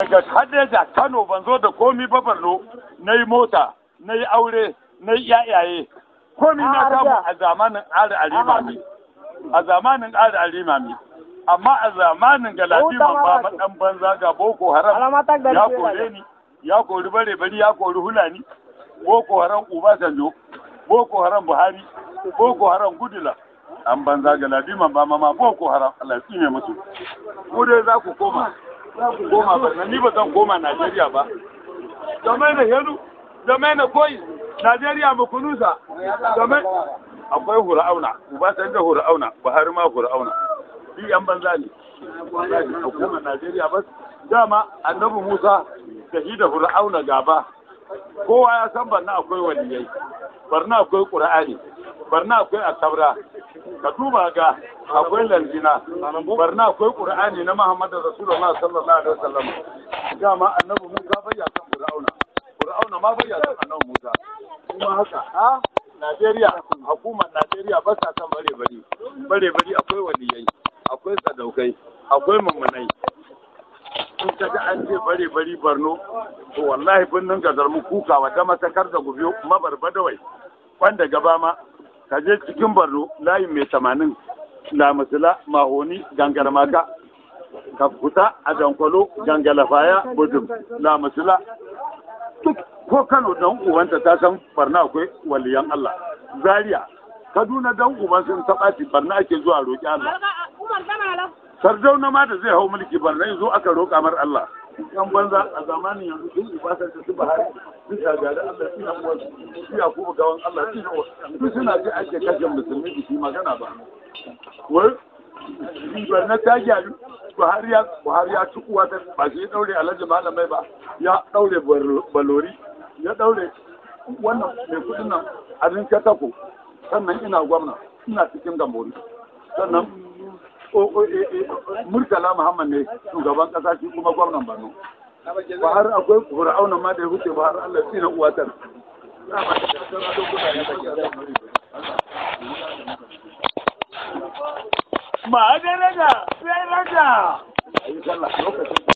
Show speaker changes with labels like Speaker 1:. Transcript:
Speaker 1: daga kadeja kano ban zo da komi ba barno na yi mota na yi aure na yi yayaye komi na ah, samu a zamanin ari alimami ah, a zamanin ari alimami amma a zamanin galadiman ba madan banza ga boko haram ya kore ni ya kori bare bari ya kori hulani boko haram ubasanjo boko haram buhari boko haram gudula an banza galadiman ba ma boko haram allah tsine musu ko dai za ku koma goma ba ni ba zan koma Najeriya ba zama na helu zama na koyi Najeriya mu kunusa akwai hura'auna uba san da hura'auna Buhari ma hura'auna shi yan banza ne a koma Najeriya ba dama annabi Musa da shi da hura'auna gaba kowa ya san barna akwai waliyai barna akwai ƙura'ani. barna akwai asabra ka duba ga akwai lalzina barna akwai qur'ani na muhammad da rasulullah sallallahu alaihi wasallam dama annabi ga bayya kan ƙura'una, ƙura'una ma bayya kan annabi musa kuma haka a Najeriya hukumar Najeriya ba sa kan bare bari bare bari akwai waliyai akwai sadaukai akwai mummunai in ka ga an ce bare bari barno to wallahi birnin gazar mu kuka ta masakar da gubiyo mabarbadawai dawai wanda gaba ma ka je cikin barno layin mai tamanin lamasila mahoni Ka kafkuta a gangala faya budum lamasila duk ko kano dan uwanta ta san barna akwai waliyan Allah zaria kaduna dan uban sun taɓaci barna ake zuwa roƙi Allah sardauna na mata zai hau mulki barna yanzu aka roƙa mar Allah yan banza a zamanin yanzu duk yi fasar da su bahari sun shagari Allah suna uwarsu suna kuma gawan Allah suna uwarsu suna ji ake kashe musulmi da shi magana ba wai ribar na ta gyaru buhari ya buhari ya ci uwa ta ba shi ya daure alhaji malamai ba ya daure balori ya daure wannan mai kudin nan a rinke tako sannan ina gwamna ina cikin gambori sannan e, e, murtala muhammad ne shugaban kasa shi kuma gwamnan bano ba har akwai fir'auna ma da ya huce ba har allah uwa uwatar 买点那个，买点那个。